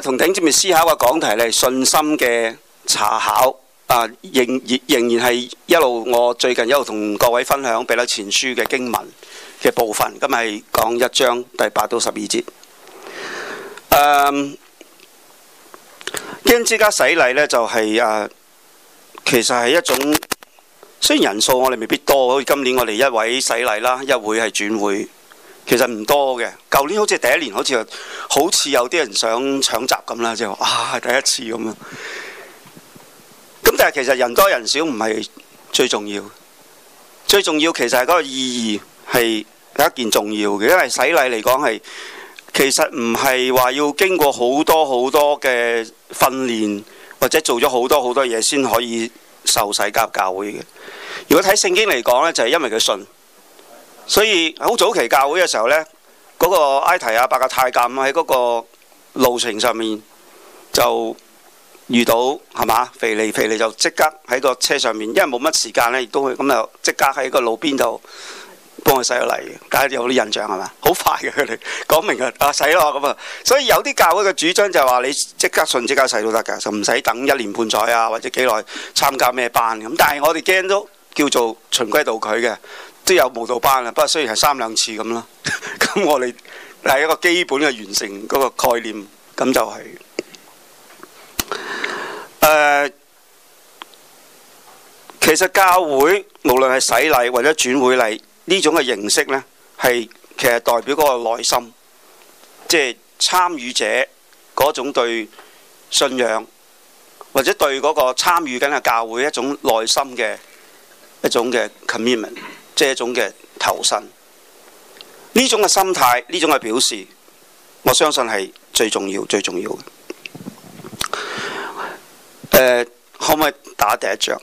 同頂尖面思考嘅講題咧，信心嘅查考啊，仍仍然係一路。我最近一路同各位分享，彼得前書嘅經文嘅部分。今日講一章第八到十二節。嗯，基恩之家洗禮呢，就係、是、誒、啊，其實係一種，雖然人數我哋未必多，好似今年我哋一位洗禮啦，一位係轉會。其實唔多嘅，舊年好似第一年好似，好似好似有啲人想搶閘咁啦，就啊第一次咁啦。咁但係其實人多人少唔係最重要，最重要其實係嗰個意義係第一件重要嘅，因為洗禮嚟講係其實唔係話要經過好多好多嘅訓練或者做咗好多好多嘢先可以受洗加入教會嘅。如果睇聖經嚟講呢，就係、是、因為佢信。所以好早期教會嘅時候呢，嗰、嗰個埃提阿伯嘅太監喺嗰個路程上面就遇到係嘛？腓利腓利就即刻喺個車上面，因為冇乜時間咧，亦都會咁就即刻喺個路邊度幫佢洗咗嚟。大家有啲印象係嘛？好快嘅佢哋講明啊啊洗咯咁啊！所以有啲教會嘅主張就係話你即刻信即刻洗都得噶，就唔使等一年半載啊或者幾耐參加咩班咁。但係我哋驚都叫做循規蹈矩嘅。都有舞蹈班啦，不過雖然係三兩次咁咯，咁我哋係一個基本嘅完成嗰個概念，咁就係誒。其實教會無論係洗禮或者轉會禮呢種嘅形式呢，係其實代表嗰個內心，即係參與者嗰種對信仰或者對嗰個參與緊嘅教會一種內心嘅一種嘅 commitment。即係一種嘅投身，呢種嘅心態，呢種嘅表示，我相信係最重要、最重要嘅。誒、呃，可唔可以打第一張？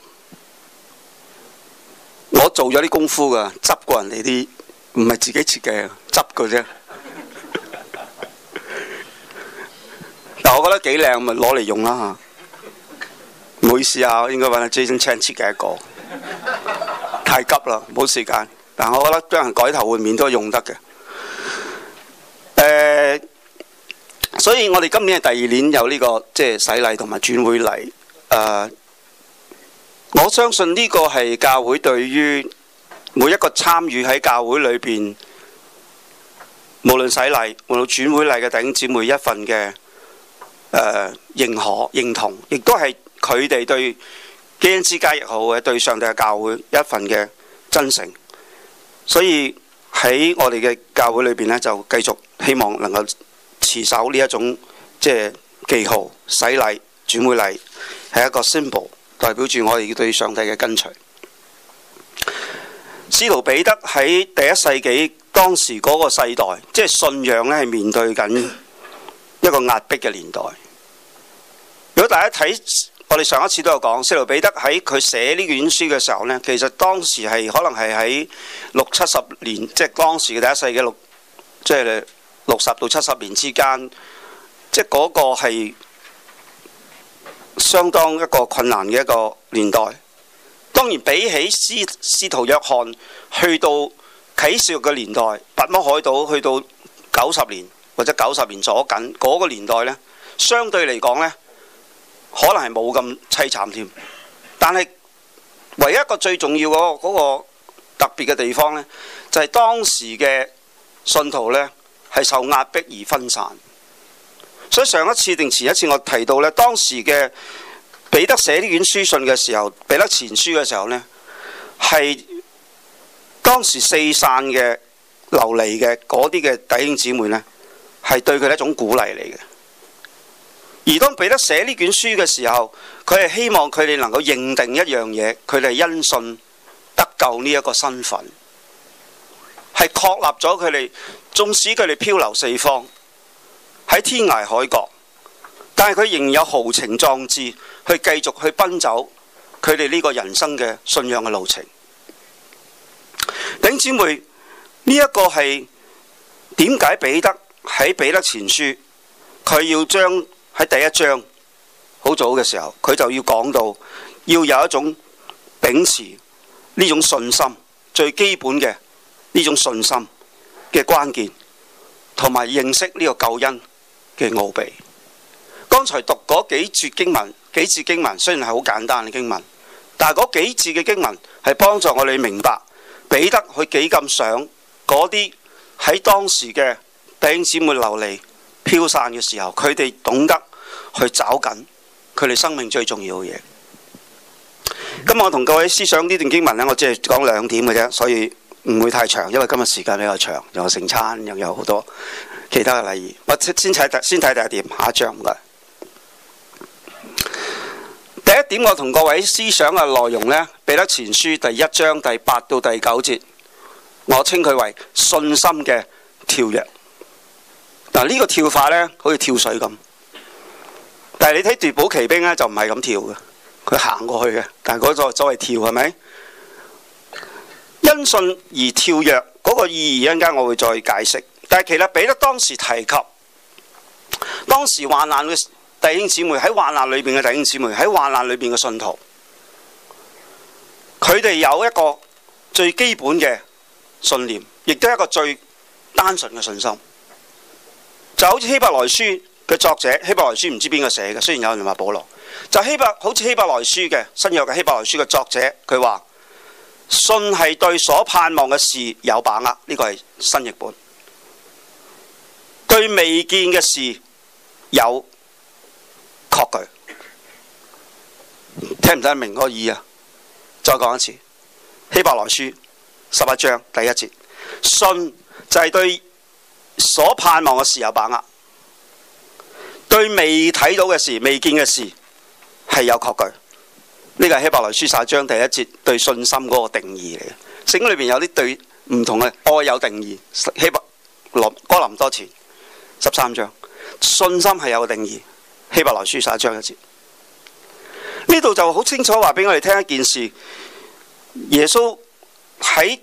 我做咗啲功夫㗎，執過人哋啲，唔係自己設計，執嘅啫。 但我覺得幾靚，咪攞嚟用啦嚇。唔好意思啊，我應該搵阿 Jason Chan 設計一個。太急啦，冇時間。但我覺得將人改頭換面都用得嘅、呃。所以我哋今年係第二年有呢、這個即係、就是、洗禮同埋轉會禮。呃、我相信呢個係教會對於每一個參與喺教會裏邊，無論洗禮、無論轉會禮嘅弟兄姊妹一份嘅誒、呃、認可、認同，亦都係佢哋對基恩之家亦好對上帝嘅教會一份嘅真誠，所以喺我哋嘅教會裏邊呢，就繼續希望能夠持守呢一種即係記號、洗禮、轉會禮，係一個 symbol，代表住我哋要對上帝嘅跟隨。使徒彼得喺第一世紀，當時嗰個世代，即係信仰呢，係面對緊一個壓迫嘅年代。如果大家睇，我哋上一次都有講，司徒彼得喺佢寫呢卷書嘅時候呢，其實當時係可能係喺六七十年，即係當時嘅第一世紀嘅六，即係六十到七十年之間，即係嗰個係相當一個困難嘅一個年代。當然比起司司徒約翰去到啟示嘅年代，拔摩海島去到九十年或者九十年左近嗰個年代呢，相對嚟講呢，可能係冇咁凄慘添，但係唯一一個最重要嗰個特別嘅地方呢，就係當時嘅信徒呢係受壓迫而分散，所以上一次定前一次我提到呢，當時嘅彼得寫呢卷書信嘅時候，彼得前書嘅時候呢，係當時四散嘅流離嘅嗰啲嘅弟兄姊妹呢，係對佢一種鼓勵嚟嘅。而當彼得寫呢卷書嘅時候，佢係希望佢哋能夠認定一樣嘢，佢哋因信得救呢一個身份係確立咗佢哋，縱使佢哋漂流四方喺天涯海角，但係佢仍有豪情壯志去繼續去奔走佢哋呢個人生嘅信仰嘅路程。頂姊妹呢一個係點解彼得喺彼得前書佢要將？喺第一章好早嘅時候，佢就要講到要有一種秉持呢種信心最基本嘅呢種信心嘅關鍵，同埋認識呢個救恩嘅奧秘。剛才讀嗰幾節經文，幾節經文雖然係好簡單嘅經文，但係嗰幾節嘅經文係幫助我哋明白彼得佢幾咁想嗰啲喺當時嘅弟兄姊妹流離飄散嘅時候，佢哋懂得去找緊佢哋生命最重要嘅嘢。今日我同各位思想呢段經文呢，我只係講兩點嘅啫，所以唔會太長，因為今日時間比較長，又聖餐，又有好多其他嘅禮儀。我先睇先睇第一點，下一章第一點，我同各位思想嘅內容呢，彼得前書第一章第八到第九節，我稱佢為信心嘅跳躍。嗱，呢個跳法呢，好似跳水咁。但係你睇奪寶奇兵呢，就唔係咁跳嘅，佢行過去嘅。但係嗰個所謂跳係咪？因信而跳躍嗰個意義，一間我會再解釋。但係其實彼得當時提及，當時患難嘅弟兄姊妹喺患難裏邊嘅弟兄姊妹喺患難裏邊嘅信徒，佢哋有一個最基本嘅信念，亦都係一個最單純嘅信心。就好似希伯來書嘅作者，希伯來書唔知邊個寫嘅，雖然有人話保羅，就希伯好似希伯來書嘅新約嘅希伯來書嘅作者，佢話，信係對所盼望嘅事有把握，呢、這個係新譯本，對未見嘅事有確據，聽唔聽得明嗰個意啊？再講一次，希伯來書十八章第一節，信就係對。所盼望嘅事有把握，對未睇到嘅事、未見嘅事係有確據。呢個係希伯來書十一章第一節對信心嗰個定義嚟嘅。聖經裏邊有啲對唔同嘅愛有定義，希伯來哥林多前十三章信心係有定義，希伯來書十一章一節。呢度就好清楚話俾我哋聽一件事：耶穌喺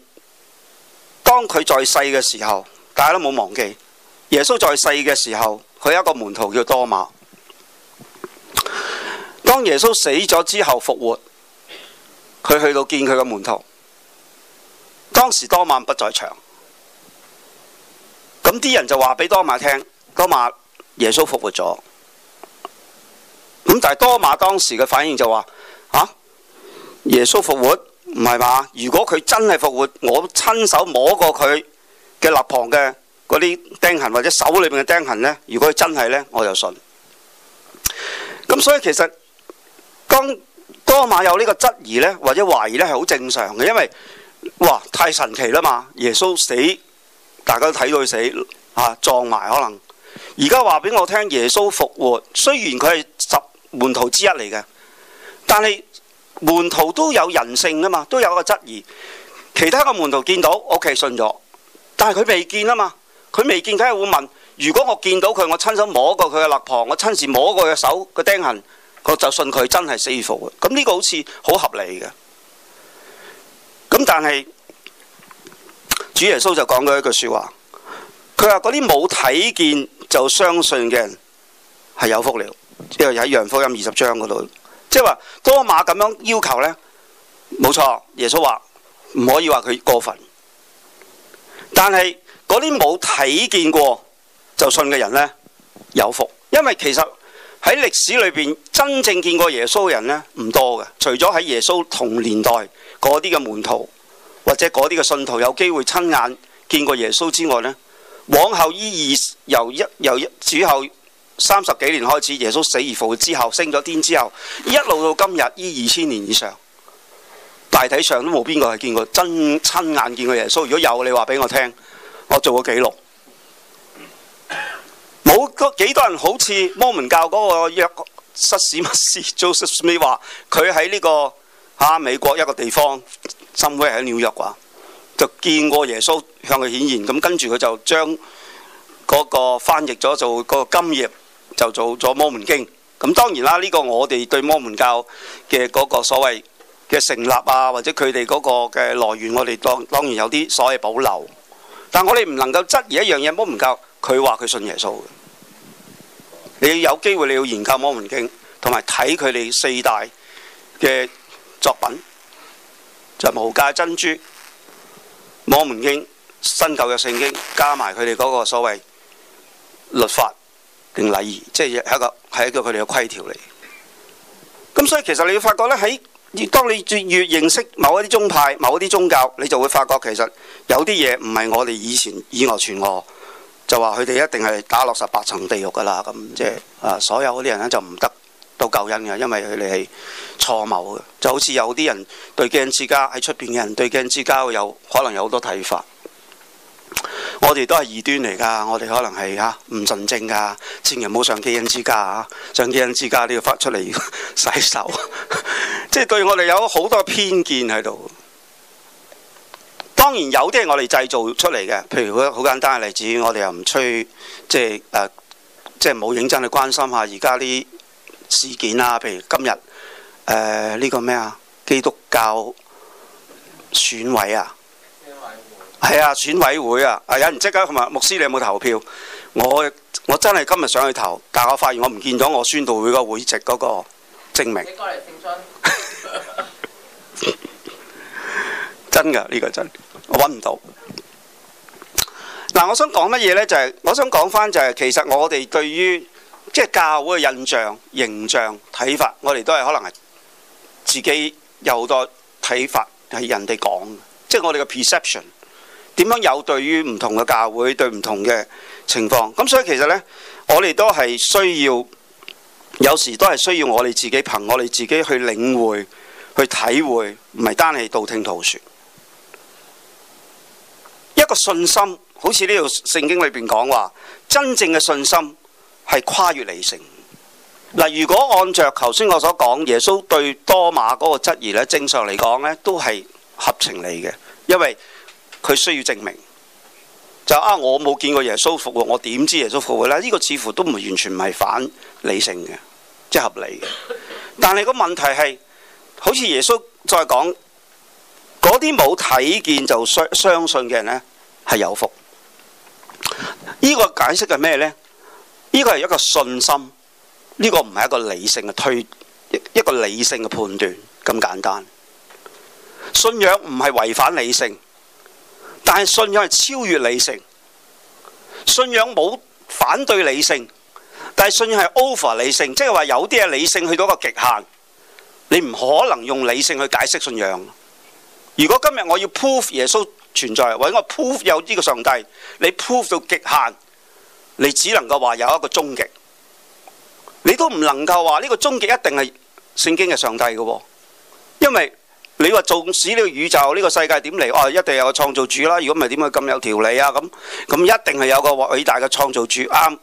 當佢在世嘅時候。大家都冇忘記，耶穌在世嘅時候，佢有一個門徒叫多馬。當耶穌死咗之後復活，佢去到見佢嘅門徒。當時多馬不在場，咁啲人就話畀多馬聽：多馬，耶穌復活咗。咁但係多馬當時嘅反應就話：啊，耶穌復活？唔係嘛？如果佢真係復活，我親手摸過佢。嘅肋旁嘅嗰啲釘痕，或者手裏邊嘅釘痕呢，如果佢真係呢，我就信。咁所以其實當當晚有呢個質疑呢，或者懷疑呢，係好正常嘅，因為哇太神奇啦嘛！耶穌死，大家都睇到佢死啊撞埋可能。而家話俾我聽，耶穌復活，雖然佢係十門徒之一嚟嘅，但係門徒都有人性啊嘛，都有一個質疑。其他個門徒見到，O.K. 信咗。但係佢未見啊嘛，佢未見，梗係會問。如果我見到佢，我親手摸過佢嘅肋旁，我親自摸過佢嘅手、個釘痕，我就信佢真係死而復。咁、這、呢個好似好合理嘅。咁但係主耶穌就講咗一句説話，佢話嗰啲冇睇見就相信嘅人係有福了，因為喺《羊福音》二十章嗰度，即係話多馬咁樣要求呢，冇錯，耶穌話唔可以話佢過分。但係嗰啲冇睇見過就信嘅人呢，有福，因為其實喺歷史裏面，真正見過耶穌嘅人呢唔多嘅，除咗喺耶穌同年代嗰啲嘅門徒或者嗰啲嘅信徒有機會親眼見過耶穌之外呢，往後依二由一由一主後三十幾年開始，耶穌死而復活之後升咗天之後，一路到今日依二千年以上。大體上都冇邊個係見過真親眼見過耶穌。如果有，你話俾我聽，我做個記錄。冇多幾多人好似摩門教嗰個約失瑟斯密斯 Joseph Smith 話，佢喺呢個嚇、啊、美國一個地方，新會喺紐約啩，就見過耶穌向佢顯現。咁、嗯、跟住佢就將嗰個翻譯咗，做個金頁就做咗摩門經。咁、嗯、當然啦，呢、呢個我哋對摩門教嘅嗰個所謂。嘅成立啊，或者佢哋嗰個嘅來源，我哋當當然有啲所謂保留，但我哋唔能夠質疑一樣嘢。摩門教佢話佢信耶穌嘅，你要有機會你要研究摩門經同埋睇佢哋四大嘅作品，就是無價珍珠。摩門經新舊嘅聖經加埋佢哋嗰個所謂律法定禮儀，即、就、係、是、一個係一個佢哋嘅規條嚟。咁所以其實你要發覺咧喺越當你越認識某一啲宗派、某一啲宗教，你就會發覺其實有啲嘢唔係我哋以前以訛傳訛，就話佢哋一定係打落十八層地獄噶啦。咁即係啊，所有嗰啲人咧就唔得到救恩嘅，因為佢哋係錯謀嘅。就好似有啲人對基恩之家喺出邊嘅人對基恩之家有可能有好多睇法。嗯、我哋都係異端嚟㗎，我哋可能係嚇唔純正㗎，千祈唔好上基恩之家啊！上基恩之家都要發出嚟洗手。嗯 即係對我哋有好多偏見喺度，當然有啲係我哋製造出嚟嘅。譬如嗰好簡單嘅例子，我哋又唔吹，即係誒、呃，即係冇認真去關心下而家啲事件啊。譬如今日誒呢個咩啊基督教選委啊，係啊選委會啊，係有人即刻同埋牧師，你有冇投票？我我真係今日想去投，但係我發現我唔見咗我宣道會個會籍嗰個證明。你過嚟證信。 真噶呢、這個真的，我揾唔到。嗱、啊，我想講乜嘢呢？就係、是、我想講翻就係、是，其實我哋對於即係教會嘅印象、形象、睇法，我哋都係可能係自己有好多睇法，係人哋講，即、就、係、是、我哋嘅 perception 點樣有對於唔同嘅教會、對唔同嘅情況。咁所以其實呢，我哋都係需要，有時都係需要我哋自己憑我哋自己去領會。去體會，唔係單係道聽途説，一個信心，好似呢條聖經裏邊講話，真正嘅信心係跨越理性。嗱，如果按照頭先我所講，耶穌對多馬嗰個質疑呢，正常嚟講呢都係合情理嘅，因為佢需要證明就啊，我冇見過耶穌復活，我點知耶穌復活呢？呢個似乎都唔完全唔係反理性嘅，即係合理嘅。但係個問題係。好似耶穌再講嗰啲冇睇見就相相信嘅人呢，係有福。呢個解釋係咩呢？呢個係一個信心，呢個唔係一個理性嘅推，一個理性嘅判斷咁簡單。信仰唔係違反理性，但係信仰係超越理性。信仰冇反對理性，但係信仰係 over 理性，即係話有啲嘢理性去到一個極限。你唔可能用理性去解釋信仰。如果今日我要 prove 耶穌存在，或者我 prove 有呢個上帝，你 prove 到極限，你只能夠話有一個終極，你都唔能夠話呢個終極一定係聖經嘅上帝嘅。因為你話縱使呢個宇宙呢個世界點嚟，哇、啊，一定有一個創造主啦。如果唔係點會咁有條理啊？咁咁一定係有一個偉大嘅創造主啱。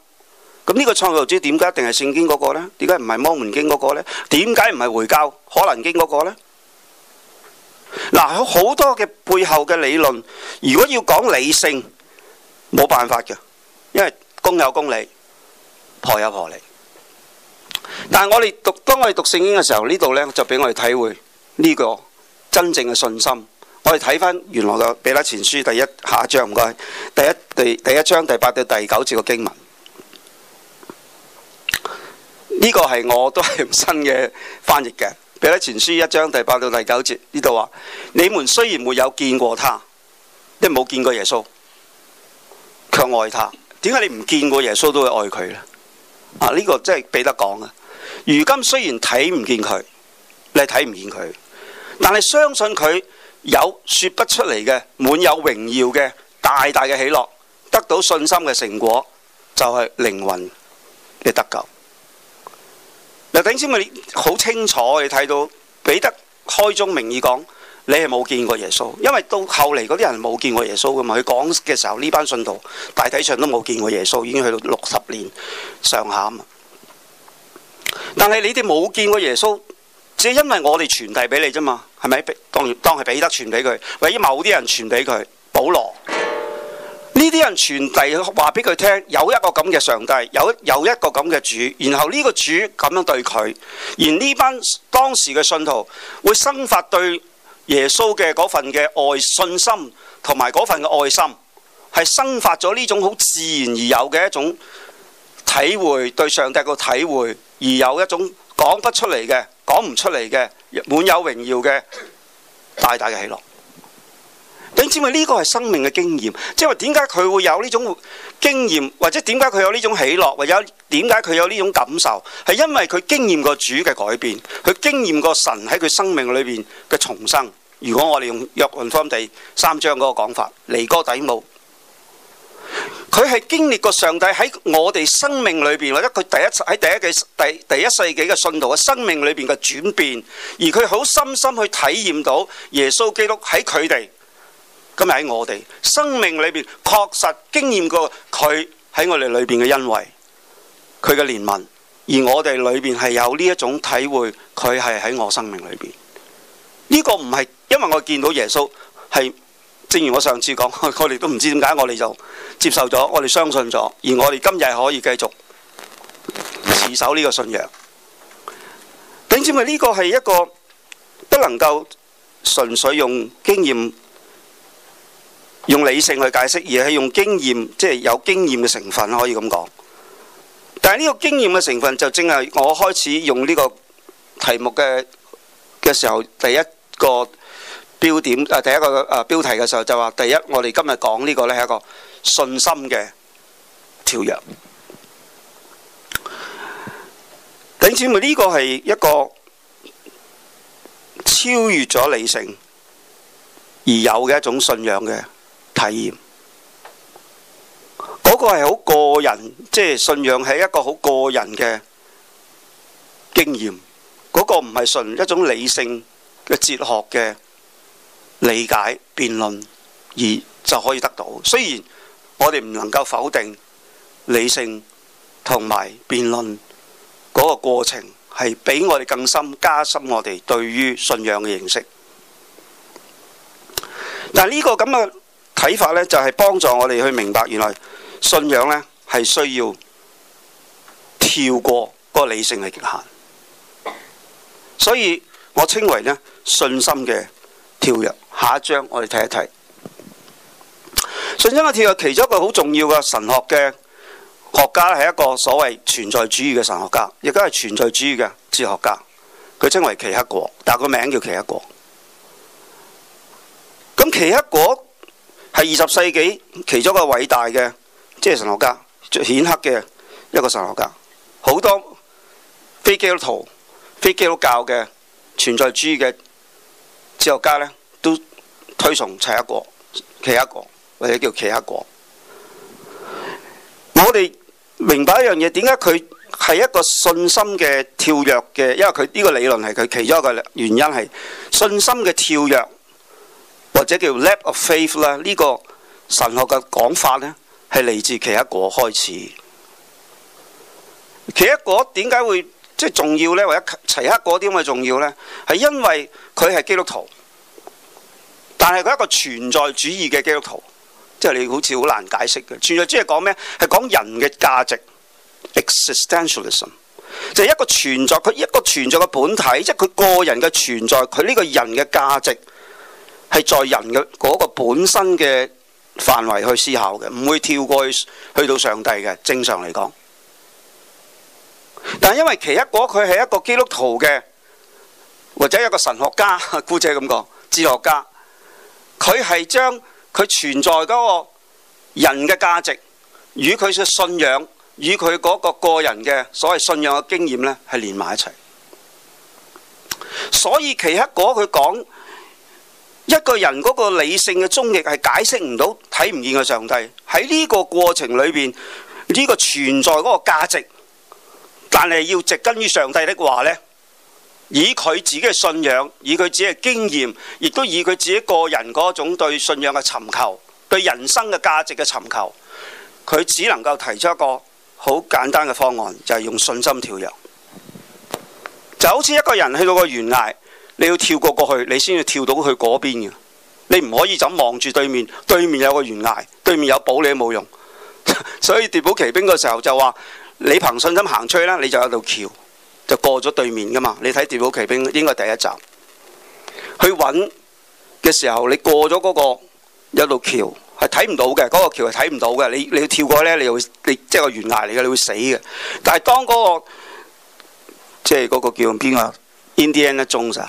咁呢個創造主點解一定係聖經嗰個咧？點解唔係摩門經嗰個咧？點解唔係回教、可蘭經嗰個咧？嗱，有好多嘅背後嘅理論，如果要講理性，冇辦法嘅，因為公有公理，婆有婆理。但係我哋讀當我哋讀聖經嘅時候，呢度咧就俾我哋體會呢個真正嘅信心。我哋睇翻原來嘅彼得前書第一下一章唔該，第一第第一章第八到第九節嘅經文。呢個係我都係用新嘅翻譯嘅。彼得前書一章第八到第九節呢度話：你們雖然沒有見過他，你冇見過耶穌，卻愛他。點解你唔見過耶穌都會愛佢呢？」啊，呢、這個真係彼得講啊！如今雖然睇唔見佢，你睇唔見佢，但係相信佢有說不出嚟嘅滿有榮耀嘅大大嘅喜樂，得到信心嘅成果，就係、是、靈魂嘅得救。又頂先咪好清楚，你睇到彼得開宗明義講，你係冇見過耶穌，因為到後嚟嗰啲人冇見過耶穌噶嘛，佢講嘅時候呢班信徒大體上都冇見過耶穌，已經去到六十年上下啊嘛。但係你哋冇見過耶穌，只係因為我哋傳遞俾你啫嘛，係咪？當當係彼得傳俾佢，或者某啲人傳俾佢，保羅。呢啲人傳遞話俾佢聽，有一個咁嘅上帝，有有一個咁嘅主，然後呢個主咁樣對佢，而呢班當時嘅信徒會生發對耶穌嘅嗰份嘅愛信心，同埋嗰份嘅愛心，係生發咗呢種好自然而有嘅一種體會，對上帝嘅體會，而有一種講不出嚟嘅、講唔出嚟嘅、滿有榮耀嘅大大嘅喜樂。你知唔知呢個係生命嘅經驗？即係話點解佢會有呢種經驗，或者點解佢有呢種喜樂，或者點解佢有呢種感受，係因為佢經驗過主嘅改變，佢經驗過神喺佢生命裏邊嘅重生。如果我哋用約翰福音第三章嗰個講法，尼哥底母，佢係經歷過上帝喺我哋生命裏邊，或者佢第一喺第一世第第一世紀嘅信徒嘅生命裏邊嘅轉變，而佢好深深去體驗到耶穌基督喺佢哋。今日喺我哋生命裏邊，確實經驗過佢喺我哋裏邊嘅恩惠，佢嘅憐憫，而我哋裏邊係有呢一種體會，佢係喺我生命裏邊。呢個唔係因為我見到耶穌係，正如我上次講，我哋都唔知點解，我哋就接受咗，我哋相信咗，而我哋今日可以繼續持守呢個信仰。點知咪呢個係一個不能夠純粹用經驗？用理性去解釋，而係用經驗，即係有經驗嘅成分可以咁講。但係呢個經驗嘅成分就正係我開始用呢個題目嘅嘅時候，第一個標點啊，第一個啊標題嘅時候就話：第一，我哋今日講呢個咧係一個信心嘅跳躍。你知唔知呢個係一個超越咗理性而有嘅一種信仰嘅？體驗嗰個係好個人，即係信仰係一個好個人嘅經驗。嗰個唔係純一種理性嘅哲學嘅理解、辯論，而就可以得到。雖然我哋唔能夠否定理性同埋辯論，嗰個過程係比我哋更深、加深我哋對於信仰嘅認識。但呢個咁嘅。啟發呢就係幫助我哋去明白，原來信仰呢係需要跳過嗰個理性嘅極限，所以我稱為呢信心嘅跳躍。下一章我哋睇一睇信心嘅跳躍。其中一個好重要嘅神學嘅學家係一個所謂存在主義嘅神學家，亦都係存在主義嘅哲學家。佢稱為奇克果，但個名叫奇克果。咁奇克果，係二十世紀其中一個偉大嘅即係神學家，最顯赫嘅一個神學家。好多非基督徒、非基督教嘅存在主義嘅哲學家咧，都推崇齊克果、齊克果或者叫齊克果。我哋明白一樣嘢，點解佢係一個信心嘅跳躍嘅？因為佢呢個理論係佢其中一個原因係信心嘅跳躍。或者叫 leap of faith 啦，呢個神學嘅講法呢，係嚟自齊克果開始。齊克果點解會即係重要呢？或者齊克果點會重要呢？係因為佢係基督徒，但係佢一個存在主義嘅基督徒，即係你好似好難解釋嘅存在主義係講咩？係講人嘅價值，existentialism 就係一個存在，佢一個存在嘅本體，即係佢個人嘅存在，佢呢個人嘅價值。係在人嘅嗰個本身嘅範圍去思考嘅，唔會跳過去，去到上帝嘅。正常嚟講，但係因為奇克果佢係一個基督徒嘅，或者一個神學家姑且咁講，哲學家，佢係將佢存在嗰個人嘅價值與佢嘅信仰，與佢嗰個個人嘅所謂信仰嘅經驗呢，係連埋一齊。所以奇克果佢講。一個人嗰個理性嘅終極係解釋唔到睇唔見嘅上帝，喺呢個過程裏面，呢、這個存在嗰個價值，但係要植根於上帝的話呢，以佢自己嘅信仰，以佢自己嘅經驗，亦都以佢自己個人嗰種對信仰嘅尋求，對人生嘅價值嘅尋求，佢只能夠提出一個好簡單嘅方案，就係、是、用信心跳躍，就好似一個人去到個懸崖。你要跳過過去，你先要跳到去嗰邊嘅。你唔可以就咁望住對面，對面有個懸崖，對面有寶，你都冇用。 所以《奪寶奇兵》嘅時候就話，你憑信心行出去啦，你就有一道橋，就過咗對面噶嘛。你睇《奪寶奇兵》應該第一集去揾嘅時候，你過咗嗰、那個有道橋係睇唔到嘅，嗰、那個橋係睇唔到嘅。你你要跳過去呢，你會你即係、就是、個懸崖嚟嘅，你會死嘅。但係當嗰、那個即係嗰個叫邊個 Indiana Jones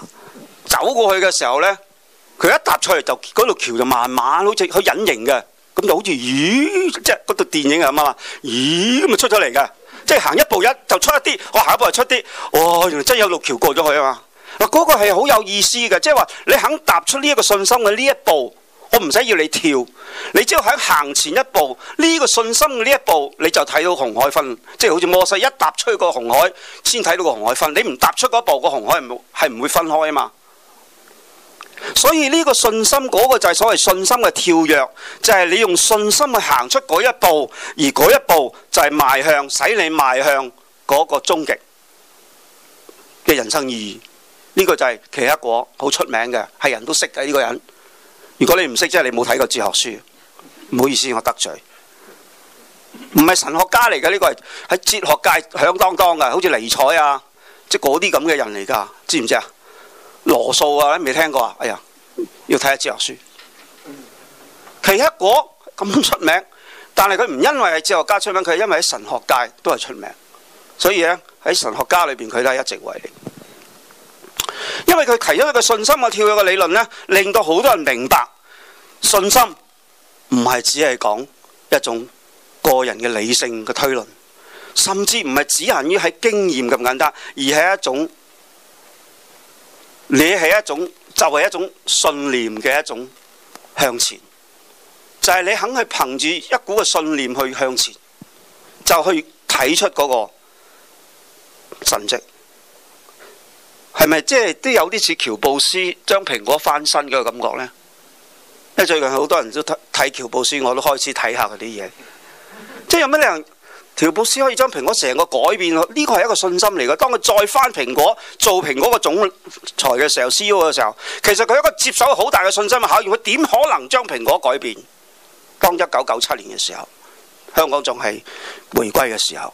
走過去嘅時候呢，佢一踏出嚟就嗰度橋就慢慢好似佢隱形嘅咁，就好似咦，即係嗰度電影咁嘛，咦咁咪出咗嚟嘅，即係行一步一就出一啲，我行一步就出啲，哦，原來真有路橋過咗去啊嘛。嗱，嗰個係好有意思嘅，即係話你肯踏出呢一個信心嘅呢一步，我唔使要你跳，你只要喺行前一步呢、呢個信心嘅呢一步，你就睇到紅海分，即係好似摩西一踏出去個紅海，先睇到個紅海分。你唔踏出嗰一步，個紅海係唔會分開啊嘛。所以呢個信心，嗰、那個就係所謂信心嘅跳躍，就係、是、你用信心去行出嗰一步，而嗰一步就係邁向，使你邁向嗰個終極嘅人生意義。呢、這個就係祁克果，好出名嘅，係人都識嘅呢、這個人。如果你唔識，即係你冇睇過哲學書，唔好意思，我得罪，唔係神學家嚟嘅，呢個係哲學界響當當嘅，好似尼采啊，即係嗰啲咁嘅人嚟噶，知唔知啊？羅素啊，你未聽過啊？哎呀，要睇下哲學書。祁克果咁出名，但係佢唔因為係哲學家出名，佢係因為喺神學界都係出名，所以咧喺神學家裏邊佢都係一直偉力。因為佢提出一個信心嘅跳躍嘅理論呢，令到好多人明白信心唔係只係講一種個人嘅理性嘅推論，甚至唔係只限於喺經驗咁簡單，而係一種。你係一種，就係一種信念嘅一種向前，就係你肯去憑住一股嘅信念去向前，就去睇出嗰個神跡，係咪即係都有啲似喬布斯將蘋果翻身嘅感覺呢？因為最近好多人都睇睇喬布斯，我都開始睇下佢啲嘢，即係有咩咧？喬布斯可以將蘋果成個改變，呢個係一個信心嚟嘅。當佢再返蘋果做蘋果個總裁嘅時候，CEO 嘅時候，其實佢一個接受好大嘅信心考驗。佢點可能將蘋果改變？當一九九七年嘅時候，香港仲係回歸嘅時候，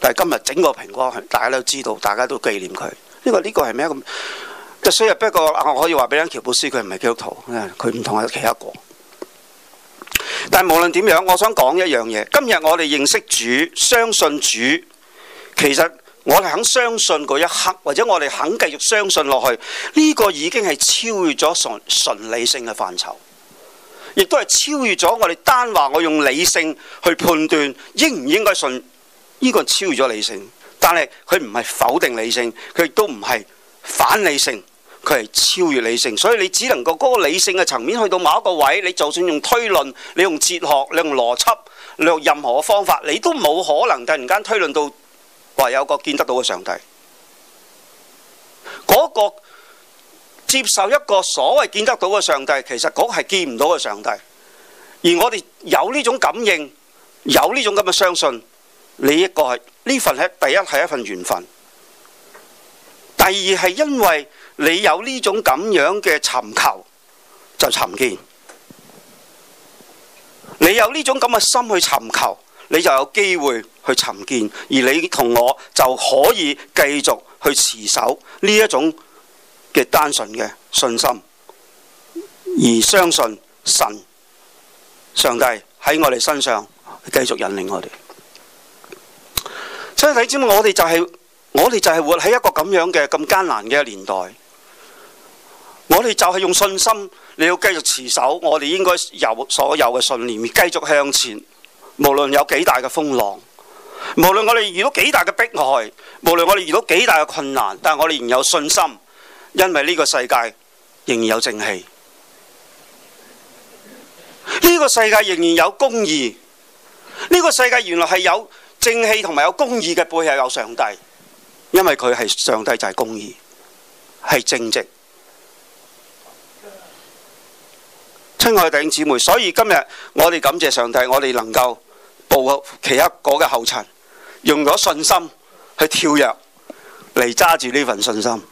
但係今日整個蘋果，大家都知道，大家都紀念佢。因為呢個係咩咁？所以不過我可以話俾你聽，喬布斯佢唔係基督徒，佢唔同啊其他個。但係無論點樣，我想講一樣嘢。今日我哋認識主、相信主，其實我哋肯相信嗰一刻，或者我哋肯繼續相信落去，呢個已經係超越咗純純理性嘅範疇，亦都係超越咗我哋單話我用理性去判斷應唔應該信，呢個超越咗理性。但係佢唔係否定理性，佢亦都唔係反理性。佢係超越理性，所以你只能夠嗰個理性嘅層面去到某一個位。你就算用推論，你用哲學，你用邏輯，你用任何嘅方法，你都冇可能突然間推論到話有個見得到嘅上帝。嗰個接受一個所謂見得到嘅上帝，其實嗰係見唔到嘅上帝。而我哋有呢種感應，有呢種咁嘅相信，你一個係呢份係第一係一份緣分，第二係因為。你有呢種咁樣嘅尋求，就尋見。你有呢種咁嘅心去尋求，你就有機會去尋見。而你同我就可以繼續去持守呢一種嘅單純嘅信心，而相信神、上帝喺我哋身上繼續引領我哋。所以你知我哋就係、是、我哋就係活喺一個咁樣嘅咁艱難嘅年代。我哋就係用信心，你要繼續持守。我哋應該由所有嘅信念繼續向前，無論有幾大嘅風浪，無論我哋遇到幾大嘅迫害，無論我哋遇到幾大嘅困難，但我哋仍有信心，因為呢個世界仍然有正氣，呢個世界仍然有公義，呢個世界原來係有正氣同埋有公義嘅背後有上帝，因為佢係上帝就係公義，係正直。親愛的弟兄姊妹，所以今日我哋感謝上帝，我哋能夠步其一個嘅後塵，用咗信心去跳躍，嚟揸住呢份信心，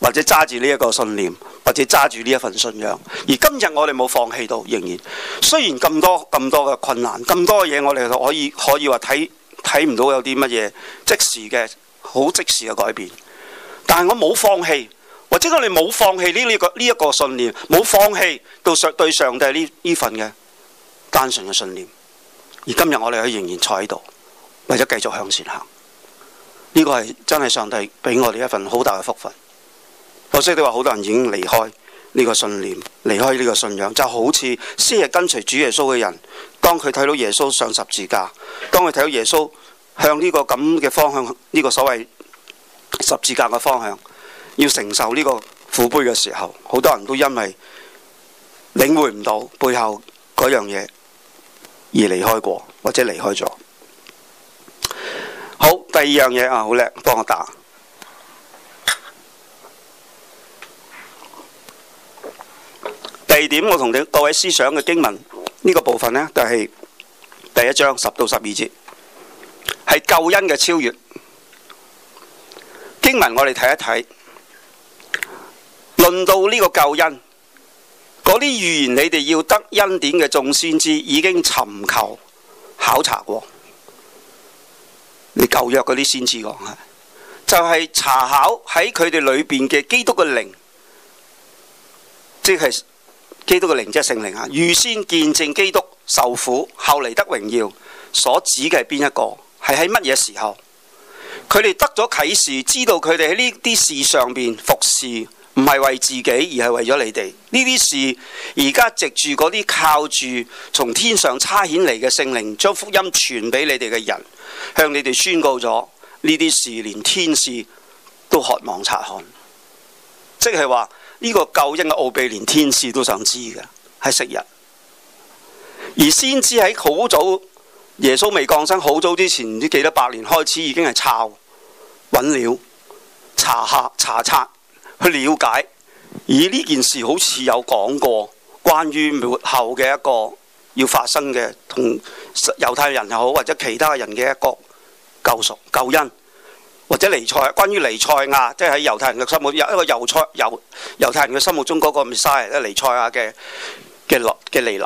或者揸住呢一個信念，或者揸住呢一份信仰。而今日我哋冇放棄到，仍然雖然咁多咁多嘅困難，咁多嘅嘢我哋可以可以話睇睇唔到有啲乜嘢即時嘅好即時嘅改變，但係我冇放棄。或者我哋冇放棄呢呢個呢一個信念，冇放棄到上對上帝呢呢份嘅單純嘅信念。而今日我哋可以仍然坐喺度，為咗繼續向前行。呢個係真係上帝俾我哋一份好大嘅福分。可惜你話好多人已經離開呢個信念，離開呢個信仰，就是、好似昔日跟隨主耶穌嘅人，當佢睇到耶穌上十字架，當佢睇到耶穌向呢個咁嘅方向，呢個所謂十字架嘅方向。要承受呢個苦杯嘅時候，好多人都因為領會唔到背後嗰樣嘢而離開過，或者離開咗。好，第二樣嘢啊，好叻，幫我打。第二點，我同你各位思想嘅經文呢個部分呢，就係第一章十到十二節，係救恩嘅超越經文。我哋睇一睇。論到呢個救恩，嗰啲預言，你哋要得恩典嘅眾先知已經尋求考察過，你舊約嗰啲先知講，就係查考喺佢哋裏邊嘅基督嘅靈，即係基督嘅靈，即係聖靈啊。預先見證基督受苦，後嚟得榮耀，所指嘅係邊一個？係喺乜嘢時候？佢哋得咗啟示，知道佢哋喺呢啲事上邊服侍。唔係為自己，而係為咗你哋呢啲事。而家藉住，嗰啲靠住從天上差遣嚟嘅聖靈，將福音傳俾你哋嘅人，向你哋宣告咗呢啲事，連天使都渴望察看。即係話呢個救恩嘅奧秘，連天使都想知嘅係昔日。而先知喺好早耶穌未降生，好早之前唔知幾多百年開始，已經係抄揾料查考查察。去了解，以呢件事好似有講過關於末後嘅一個要發生嘅，同猶太人又好，或者其他人嘅一個救贖救恩，或者尼賽關於尼賽亞即係喺猶太人嘅心目中，一個猶賽猶猶太人嘅心目中嗰個咩嘢嘅尼賽亞嘅嘅嘅嚟臨，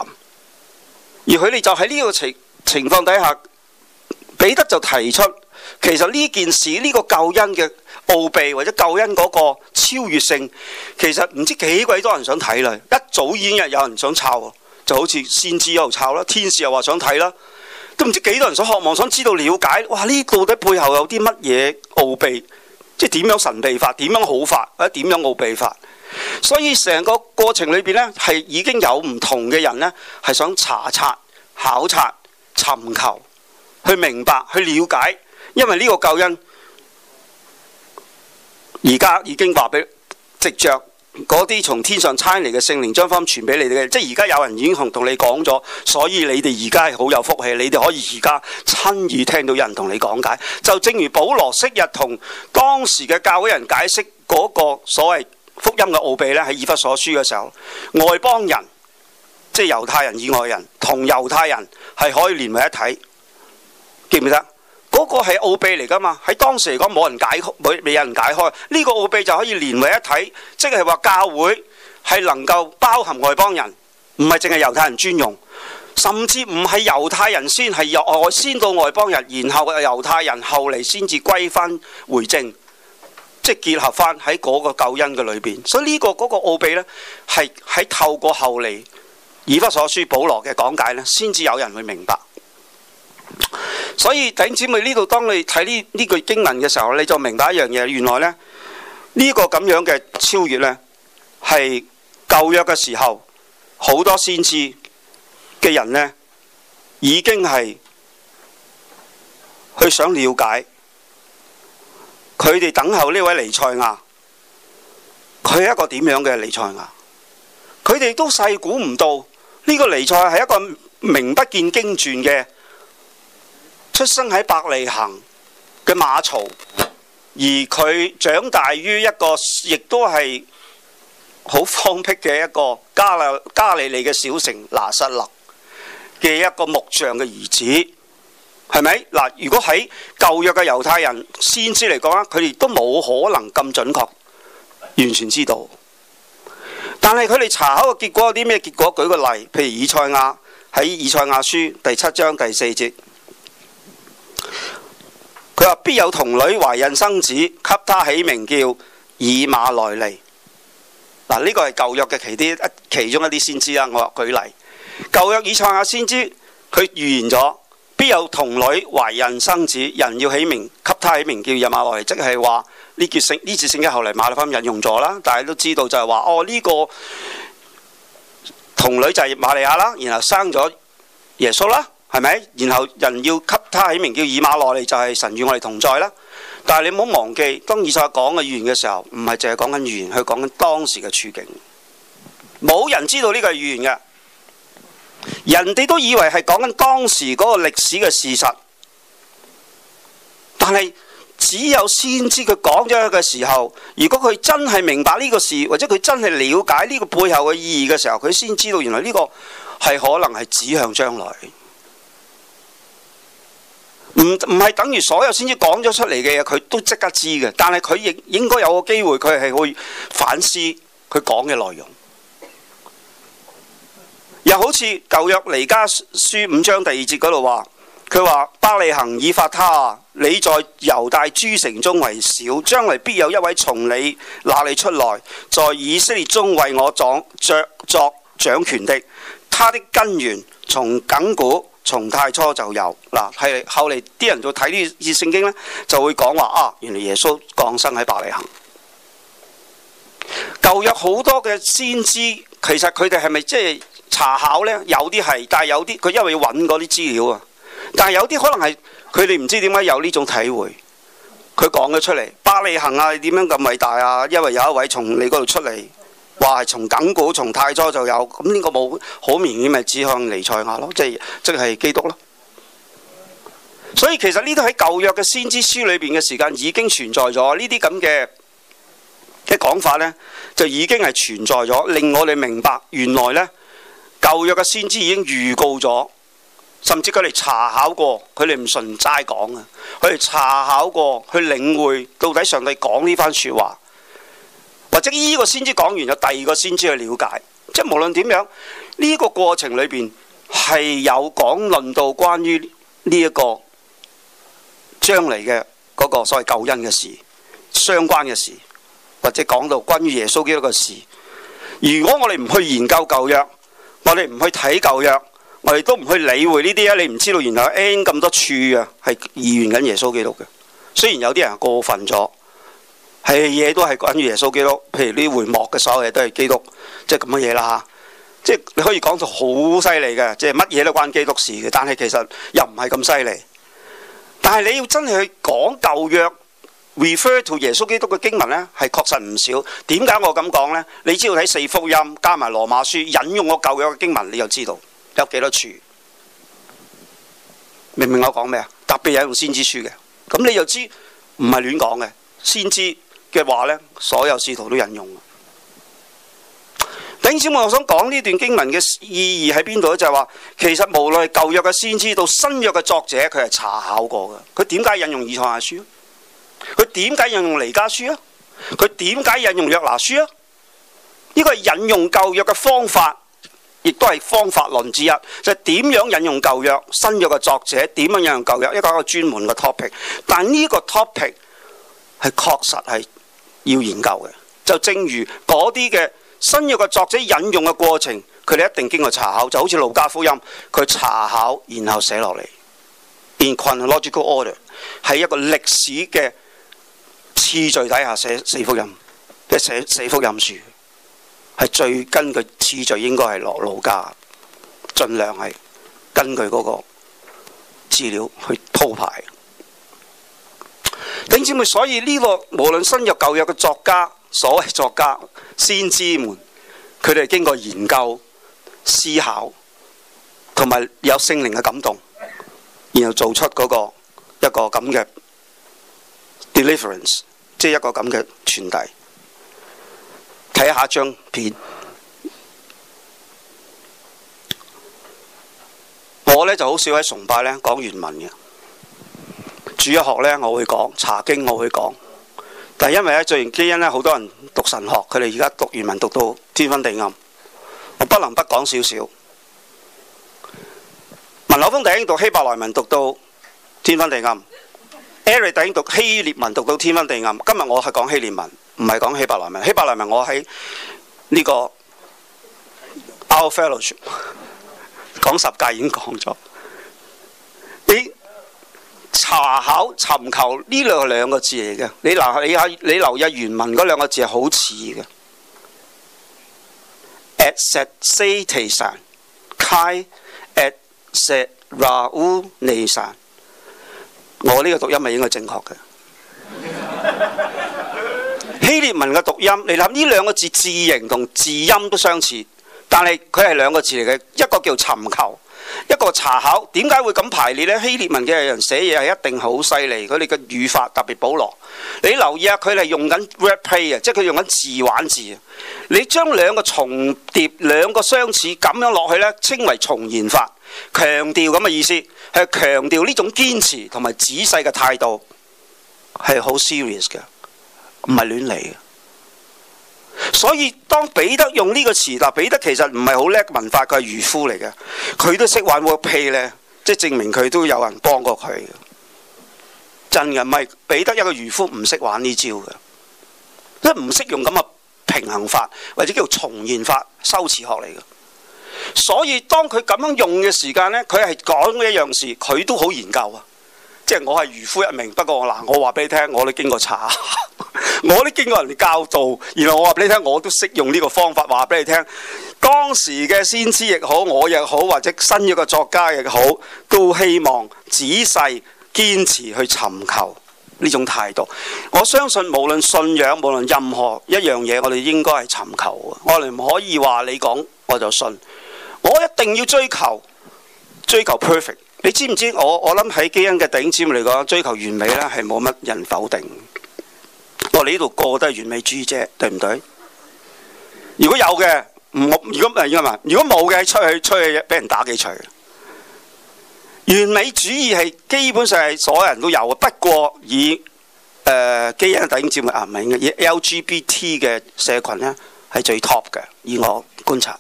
而佢哋就喺呢個情情況底下，彼得就提出，其實呢件事呢個救恩嘅。奧秘或者救恩嗰個超越性，其實唔知幾鬼多，多人想睇啦！一早已經有人想抄，就好似先知又抄啦，天使又話想睇啦，都唔知幾多，多人想渴望想知道了解。哇！呢到底背後有啲乜嘢奧秘？即係點樣神秘法？點樣好法？或者點樣奧秘法？所以成個過程裏邊呢，係已經有唔同嘅人呢，係想查察、考察、尋求，去明白、去了解，因為呢個救恩。而家已經話俾藉著嗰啲從天上差嚟嘅聖靈將福音傳俾你哋嘅，即係而家有人已經同你講咗，所以你哋而家係好有福氣，你哋可以而家親耳聽到有人同你講解。就正如保羅昔日同當時嘅教會人解釋嗰個所謂福音嘅奧秘咧，喺以弗所書嘅時候，外邦人即係猶太人以外人同猶太人係可以連為一體，記唔記得？嗰個係奧秘嚟噶嘛？喺當時嚟講冇人解，未有人解開。呢個奧秘就可以連為一體，即係話教會係能夠包含外邦人，唔係淨係猶太人專用，甚至唔係猶太人先係外，先到外邦人，然後係猶太人後嚟先至歸翻回正，即係結合翻喺嗰個救恩嘅裏邊。所以呢個嗰個奧秘呢，係喺透過後嚟《以弗所書》保羅嘅講解呢，先至有人會明白。所以弟姊妹呢度，當你睇呢呢句經文嘅時候，你就明白一樣嘢，原來呢，呢，呢個咁樣嘅超越呢，係舊約嘅時候，好多先知嘅人呢已經係去想了解佢哋，等候呢位彌賽亞，佢係一個點樣嘅彌賽亞，佢哋都細估唔到呢個彌賽係一個名不見經傳嘅。出生喺伯利恆嘅馬槽，而佢長大於一個亦都係好荒僻嘅一個加勒加利利嘅小城拿撒勒嘅一個木匠嘅兒子，係咪嗱？如果喺舊約嘅猶太人先知嚟講啊，佢哋都冇可能咁準確完全知道，但係佢哋查考嘅結果有啲咩結果？舉個例，譬如以賽亞喺以賽亞書第七章第四節。佢話必有童女懷孕生子，給她起名叫以馬內利。嗱，呢個係舊約嘅其啲，其中一啲先知啦。我舉例，舊約以賽亞先知，佢預言咗必有童女懷孕生子，人要起名，給她起名叫以馬內利，即係話呢句聖呢節聖經後嚟馬太福音引用咗啦。但大家都知道就係話哦，呢個童女就係瑪利亞啦，然後生咗耶穌啦。係咪？然後人要給他起名叫以馬內利，就係神與我哋同在啦。但係你唔好忘記，當以賽講嘅預言嘅時候，唔係淨係講緊預言，佢講緊當時嘅處境。冇人知道呢個預言嘅，人哋都以為係講緊當時嗰個歷史嘅事實。但係只有先知佢講咗嘅時候，如果佢真係明白呢個事，或者佢真係了解呢個背後嘅意義嘅時候，佢先知道原來呢個係可能係指向將來。唔唔係等於所有先至講咗出嚟嘅嘢，佢都即刻知嘅。但係佢亦應該有個機會，佢係會反思佢講嘅內容。又好似舊約彌迦書五章第二節嗰度話，佢話伯利恆以法他啊，你在猶大諸城中為小，將來必有一位從你那裡出來，在以色列中為我掌着作，作，作掌權的，他的根源從亙古，從太初就有，嗱係後嚟啲人就睇啲聖經咧，就會講話啊，原來耶穌降生喺伯利恒。」舊約好多嘅先知，其實佢哋係咪即係查考咧？有啲係，但係有啲佢因為要揾嗰啲資料啊，但係有啲可能係佢哋唔知點解有呢種體會，佢講咗出嚟，伯利恒啊，點樣咁偉大啊？因為有一位從你嗰度出嚟。話係從亘古從太初就有，咁呢個冇好明顯咪指向彌賽亞咯，即係即係基督咯。所以其實呢度喺舊約嘅先知書裏邊嘅時間已經存在咗，呢啲咁嘅嘅講法呢就已經係存在咗，令我哋明白原來呢舊約嘅先知已經預告咗，甚至佢哋查考過，佢哋唔純齋講啊，佢哋查考過去領會到底上帝講呢番說話。或者呢個先知講完，有第二個先知去了解，即係無論點樣，呢、這個過程裏邊係有講論到關於呢一個將來嘅嗰個所謂救恩嘅事、相關嘅事，或者講到關於耶穌基督嘅事。如果我哋唔去研究舊約，我哋唔去睇舊約，我哋都唔去理會呢啲啊！你唔知道原來 N 咁多處啊，係預言緊耶穌基督嘅。雖然有啲人過分咗。係嘢都係關於耶穌基督，譬如呢回幕嘅所有嘢都係基督，即係咁嘅嘢啦吓，即係你可以講到好犀利嘅，即係乜嘢都關基督事嘅。但係其實又唔係咁犀利。但係你要真係去講舊約 refer to 耶穌基督嘅經文呢，係確實唔少。點解我咁講呢？你只要睇四福音加埋羅馬書引用咗舊約嘅經文，你就知道有幾多處。明唔明我講咩啊？特別引用先知書嘅，咁你又知唔係亂講嘅先知，嘅話呢，所有試圖都引用。弟兄們，我想講呢段經文嘅意義喺邊度呢？就係、是、話，其實無論舊約嘅先知到新約嘅作者，佢係查考過嘅。佢點解引用以賽亞書？佢點解引用彌迦書啊？佢點解引用約拿書啊？呢、這個係引用舊約嘅方法，亦都係方法論之一。就係、是、點樣引用舊約？新約嘅作者點樣引用舊約？一個一個專門嘅 topic。但呢個 topic 係確實係。要研究嘅就正如嗰啲嘅新約嘅作者引用嘅過程，佢哋一定經過查考，就好似路加福音，佢查考然後寫落嚟，變困 logical order，喺一個歷史嘅次序底下寫四福音，即係寫四福音書，係最根據次序應該係落路加，盡量係根據嗰個資料去鋪排。弟兄姊妹，所以呢個無論新約舊約嘅作家，所謂作家先知們，佢哋經過研究、思考，同埋有，有聖靈嘅感動，然後做出嗰、那個一個咁嘅 deliverance，即係一個咁嘅傳遞。睇一下張片，我呢就好少喺崇拜呢講原文嘅。主一學呢，我去講查經，我去講。但係因為咧最近基因呢，好多人讀神學，佢哋而家讀原文讀到天昏地暗，我不能不講少少。文柳峰弟兄讀希伯來文讀到天昏地暗，Eric 弟兄讀希臘文讀到天昏地暗。今日我係講希臘文，唔係講希伯來文。希伯來文我喺呢、這個 Our Fellowship 講十誡已經講咗。查考尋求呢兩個兩個字嚟嘅，你嗱，你喺你留意原文嗰兩個字係好似嘅。at set city san kai at set rawu 尼 san 我呢個讀音係應該正確嘅。 希臘文嘅讀音，你諗呢兩個字字形同字音都相似，但係佢係兩個字嚟嘅，一個叫尋求。一個查考，點解會咁排列呢？希臘文嘅人寫嘢係一定好犀利，佢哋嘅語法特別保羅。你留意下，佢係用緊 repay 啊，即係佢用緊字玩字。你將兩個重疊、兩個相似咁樣落去呢，稱為重言法，強調咁嘅意思，係強調呢種堅持同埋仔細嘅態度，係好 serious 嘅，唔係亂嚟嘅。所以當彼得用呢個詞嗱，彼得其實唔係好叻文化，佢係漁夫嚟嘅，佢都識玩個屁呢，即係證明佢都有人幫過佢。真嘅，唔係彼得一個漁夫唔識玩呢招嘅，即係唔識用咁嘅平衡法，或者叫重言法、修辭學嚟嘅。所以當佢咁樣用嘅時間呢，佢係講一樣事，佢都好研究啊。即係我係漁夫一名，不過嗱，我話俾你聽，我都經過查。我都經過人哋教導，然後我話俾你聽，我都識用呢個方法。話俾你聽，當時嘅先知亦好，我亦好，或者新約嘅作家亦好，都希望仔細堅持去尋求呢種態度。我相信無論信仰，無論任何一樣嘢，我哋應該係尋求。我哋唔可以話你講我就信。我一定要追求追求 perfect。你知唔知我我諗喺基因嘅頂尖嚟講，追求完美咧，係冇乜人否定。我、哦、你呢度個個都係完美主義啫，對唔對？如果有嘅，如果唔係而冇嘅，出去出去俾人打幾錘。完美主義係基本上係所有人都有嘅，不過以誒、呃、基恩底線佔嘅亞米嘅 LGBT 嘅社群咧係最 top 嘅，以我觀察。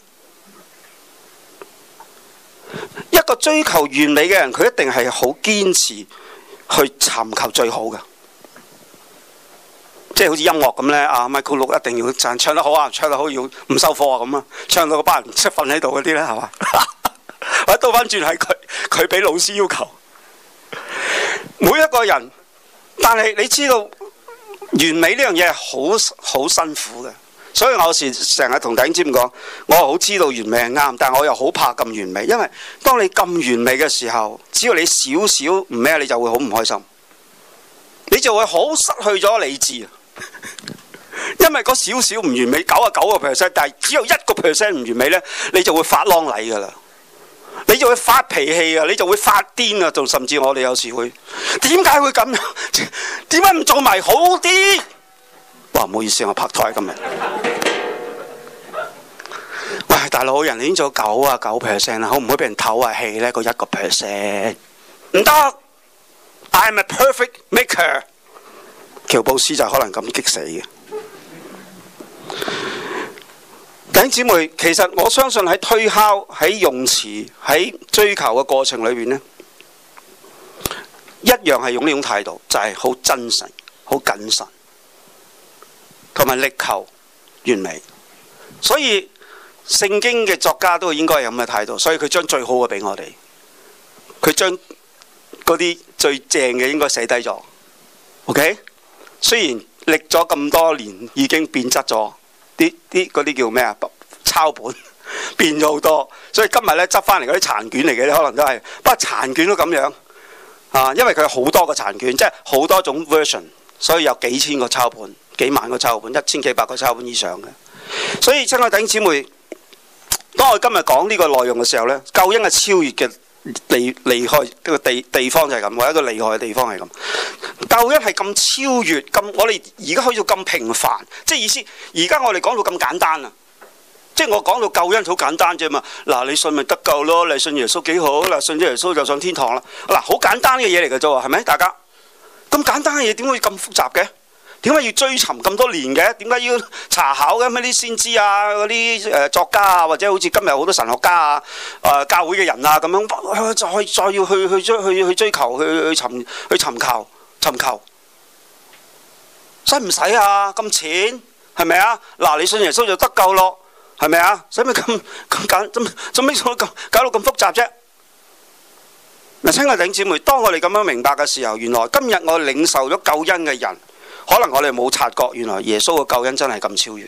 一個追求完美嘅人，佢一定係好堅持去尋求最好嘅。即係好似音樂咁咧，阿 m i c e 六一定要唱得好啊，唱得好，唱得好要唔收貨啊咁啊，唱到嗰班人出瞓喺度嗰啲咧係嘛？喂，倒翻轉係佢佢俾老師要求每一個人，但係你知道完美呢樣嘢係好好辛苦嘅，所以我有時成日同頂尖講，我好知道完美係啱，但我又好怕咁完美，因為當你咁完美嘅時候，只要你少少唔咩，你就會好唔開心，你就會好失去咗理智。 因為嗰少少唔完美，九啊九個 percent，但係只要一個 percent 唔完美呢，你就會發浪禮㗎喇，你就會發脾氣啊，你就會發癲啊，仲甚至我哋有時會，點解會咁？點解唔做埋好啲？哇，唔好意思，我拍台今日。喂、 哎，大佬，人已經做九啊九 percent 啦，可唔可以俾人透下氣呢？嗰一個 percent 唔得。I'm a perfect maker。喬布斯就可能咁激死嘅，弟兄姊妹，其實我相信喺推敲、喺用詞、喺追求嘅過程裏邊呢，一樣係用呢種態度，就係、是、好真誠、好謹慎，同埋力求完美。所以聖經嘅作家都應該有咁嘅態度，所以佢將最好嘅俾我哋，佢將嗰啲最正嘅應該寫低咗，OK。雖然歷咗咁多年，已經變質咗，啲啲嗰啲叫咩啊？抄本變咗好多，所以今日咧執翻嚟嗰啲殘卷嚟嘅咧，可能都係，不過殘卷都咁樣啊，因為佢好多個殘卷，即係好多種 version，所以有幾千個抄本，幾萬個抄本，一千幾百個抄本以上嘅。所以親愛弟兄姊妹，當我今日講呢個內容嘅時候咧，救恩係超越嘅。離離開呢個地地方，就係咁，或者一個厲害嘅地方係咁，救恩係咁超越，咁我哋而家可以做咁平凡，即係意思，而家我哋講到咁簡單啊，即係我講到救恩好簡單啫嘛，嗱、啊、你信咪得救咯，你信耶穌幾好啦，信咗耶穌就上天堂啦，嗱、啊、好簡單嘅嘢嚟噶啫，係咪大家？咁簡單嘅嘢點會咁複雜嘅？點解要追尋咁多年嘅？點解要查考嘅？咩啲先知啊？嗰啲作家啊，或者好似今日好多神學家啊、誒、呃、教會嘅人啊咁樣，再再要去去追去去追求去去尋去尋求尋求，使唔使啊？咁錢係咪啊？嗱，你信耶穌就得救咯，係咪啊？使唔使咁咁緊？做咩做咁搞到咁複雜啫？嗱，親愛嘅弟兄姊妹，當我哋咁樣明白嘅時候，原來今日我領受咗救恩嘅人。可能我哋冇察覺，原來耶穌嘅救恩真係咁超越，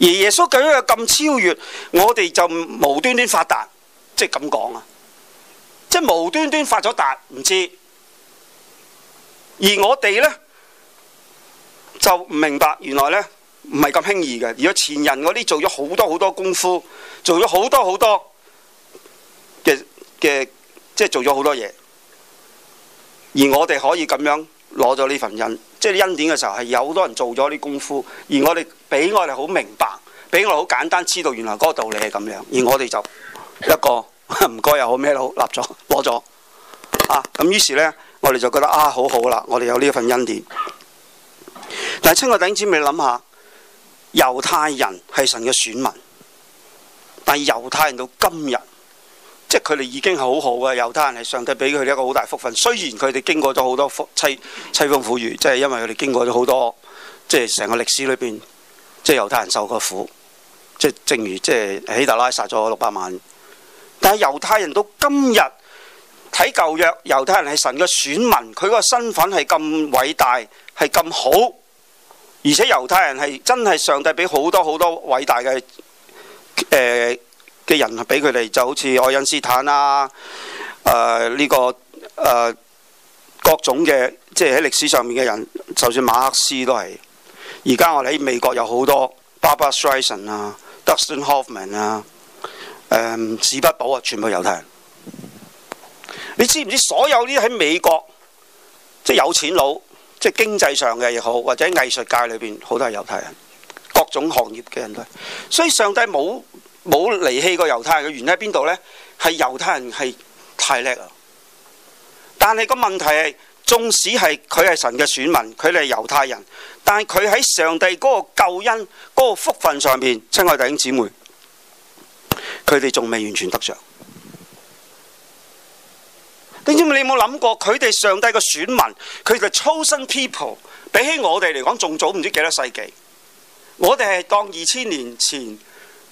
而耶穌嘅救恩咁超越，我哋就無端端發達，即係咁講啊！即係無端端發咗達，唔知。而我哋咧就唔明白，原來咧唔係咁輕易嘅，如果前人嗰啲做咗好多好多功夫，做咗好多好多嘅嘅，即係做咗好多嘢，而我哋可以咁樣。攞咗呢份恩，即係恩典嘅時候，係有好多人做咗啲功夫，而我哋俾我哋好明白，俾我哋好簡單知道，原來嗰個道理係咁樣，而我哋就一個唔該又好，咩都好，立咗攞咗啊！咁於是呢，我哋就覺得啊，好好啦，我哋有呢份恩典。但係親我頂尖，你諗下，猶太人係神嘅選民，但係猶太人到今日，即係佢哋已經係好好嘅，猶太人係上帝俾佢哋一個好大福分。雖然佢哋經過咗好多淒、淒風苦雨，即係因為佢哋經過咗好多，即係成個歷史裏邊，即係猶太人受過苦。即係正如即係希特拉殺咗六百萬，但係猶太人到今日睇舊約，猶太人係神嘅選民，佢個身份係咁偉大，係咁好，而且猶太人係真係上帝俾好多好多偉大嘅誒。呃嘅人俾佢哋就好似愛因斯坦啊，誒、呃、呢、這個誒、呃、各種嘅即係喺歷史上面嘅人，就算馬克思都係。而家我哋喺美國有好多 Barbra Streisand 啊、Dustin Hoffman 啊、誒史匹堡啊，全部猶太人。你知唔知所有啲喺美國即係、就是、有錢佬，即、就、係、是、經濟上嘅又好，或者藝術界裏邊好多係猶太人，各種行業嘅人都係。所以上帝冇。冇離棄過猶太人，嘅原因喺邊度呢？係猶太人係太叻啦！但係個問題係，縱使係佢係神嘅選民，佢哋係猶太人，但係佢喺上帝嗰個救恩、嗰、嗰個福分上面，親愛弟兄姊妹，佢哋仲未完全得上。你知唔知？你有冇諗過佢哋上帝嘅選民，佢哋 chosen people，比起我哋嚟講仲早唔知幾多世紀。我哋係當二千年前。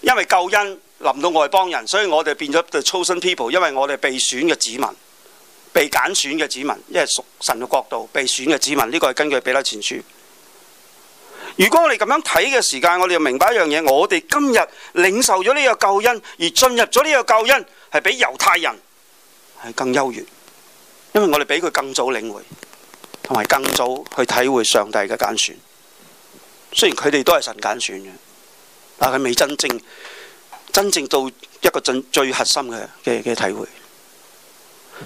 因為救恩臨到外邦人，所以我哋變咗做 chosen people，因為我哋被選嘅子民，被揀選嘅子民，因為屬神嘅國度被選嘅子民，呢、這個係根據《彼得前書》。如果我哋咁樣睇嘅時間，我哋就明白一樣嘢：我哋今日領受咗呢個救恩，而進入咗呢個救恩，係比猶太人係更優越，因為我哋比佢更早領會，同埋更早去體會上帝嘅揀選。雖然佢哋都係神揀選嘅。但係未真正真正到一個最核心嘅嘅嘅體會，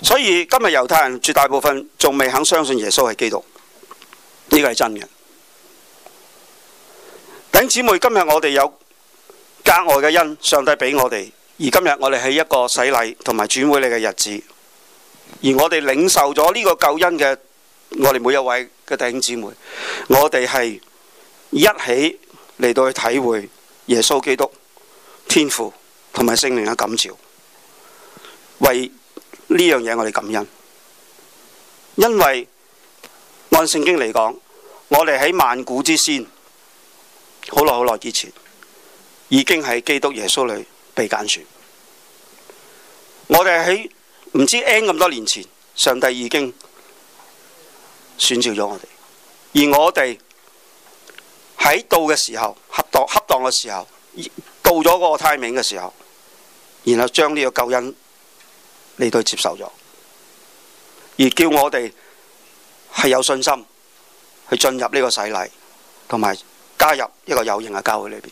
所以今日猶太人絕大部分仲未肯相信耶穌係基督，呢個係真嘅。弟兄姊妹，今日我哋有格外嘅恩，上帝俾我哋，而今日我哋係一個洗禮同埋轉會禮嘅日子，而我哋領受咗呢個救恩嘅，我哋每一位嘅弟兄姊妹，我哋係一起嚟到去體會。耶穌基督、天父同埋聖靈嘅感召，為呢樣嘢我哋感恩，因為按聖經嚟講，我哋喺萬古之先，好耐好耐以前，已經喺基督耶穌裏被揀選。我哋喺唔知 N 咁多年前，上帝已經選召咗我哋，而我哋。喺到嘅時候，恰當恰當嘅時候，到咗嗰個 timing 嘅時候，然後將呢個救恩你都接受咗，而叫我哋係有信心去進入呢個洗禮，同埋加入一個有形嘅教會裏邊。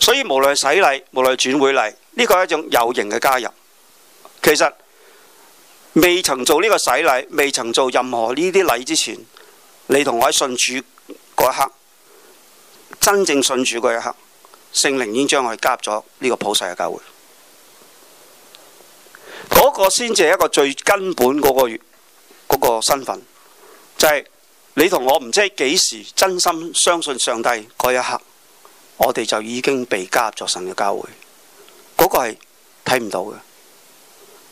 所以無論洗禮，無論轉會禮，呢個係一種有形嘅加入。其實未曾做呢個洗禮，未曾做任何呢啲禮之前，你同我喺信主，嗰一刻真正信主嗰一刻，聖靈已經將我哋加入咗呢個普世嘅教會。嗰、那個先至係一個最根本嗰、那個、那個身份，就係、是、你同我唔知幾時真心相信上帝嗰一刻，我哋就已經被加入咗神嘅教會。嗰、那個係睇唔到嘅，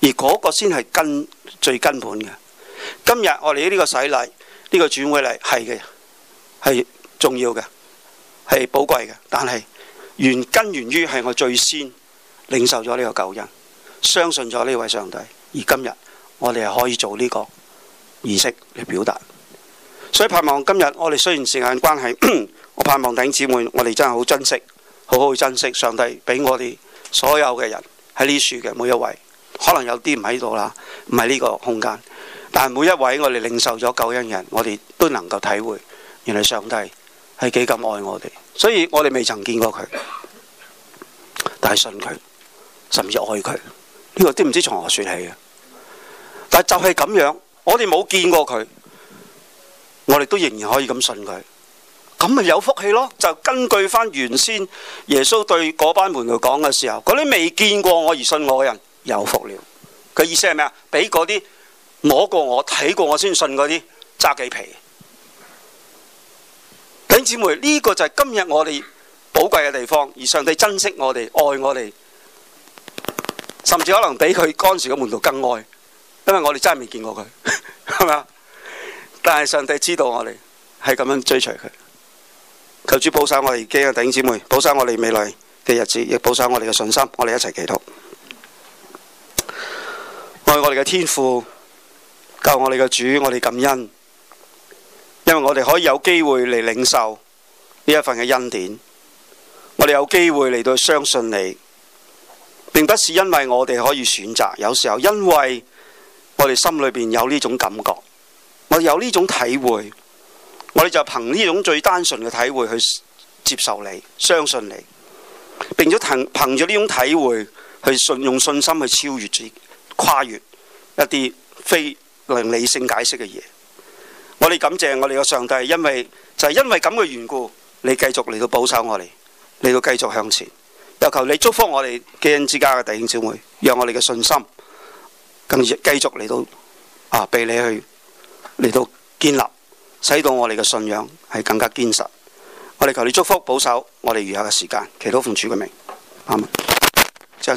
而嗰個先係根最根本嘅。今日我哋呢個洗禮呢、這個轉會禮係嘅。係重要嘅，係寶貴嘅，但係原根源於係我最先領受咗呢個救恩，相信咗呢位上帝。而今日我哋係可以做呢個儀式嚟表達，所以盼望今日我哋雖然時間關係， 我盼望弟兄姊妹，我哋真係好珍惜，好好去珍惜上帝俾我哋所有嘅人喺呢處嘅每一位。可能有啲唔喺度啦，唔係呢個空間，但係每一位我哋領受咗救恩嘅人，我哋都能夠體會。原嚟上帝係幾咁愛我哋，所以我哋未曾見過佢，但係信佢，甚至愛佢。呢個都唔知從何説起嘅。但係就係咁樣，我哋冇見過佢，我哋都仍然可以咁信佢。咁咪有福氣咯？就根據翻原先耶穌對嗰班門徒講嘅時候，嗰啲未見過我而信我嘅人有福了。佢意思係咩啊？俾嗰啲摸過我、睇過我先信嗰啲揸幾皮。姊妹，呢個就係今日我哋寶貴嘅地方，而上帝珍惜我哋，愛我哋，甚至可能比佢當時嘅門徒更愛，因為我哋真係未見過佢，係咪啊？但係上帝知道我哋係咁樣追隨佢，求主保守我哋，基恩嘅！弟兄姊妹，保守我哋未來嘅日子，亦保守我哋嘅信心，我哋一齊祈禱。愛我哋嘅天父，救我哋嘅主，我哋感恩。因為我哋可以有機會嚟領受呢一份嘅恩典，我哋有機會嚟到相信你，並不是因為我哋可以選擇，有時候因為我哋心裏邊有呢種感覺，我有呢種體會，我哋就憑呢種最單純嘅體會去接受你、相信你，並且憑憑住呢種體會去信、用信心去超越、自跨越一啲非能理性解釋嘅嘢。我哋感謝我哋嘅上帝，因為就係、是、因為咁嘅緣故，你繼續嚟到保守我哋，你都繼續向前。又求你祝福我哋基恩之家嘅弟兄姊妹，讓我哋嘅信心更繼續嚟到啊被你去嚟到建立，使到我哋嘅信仰係更加堅實。我哋求你祝福保守我哋，餘下嘅時間，祈禱奉主嘅名，阿們，即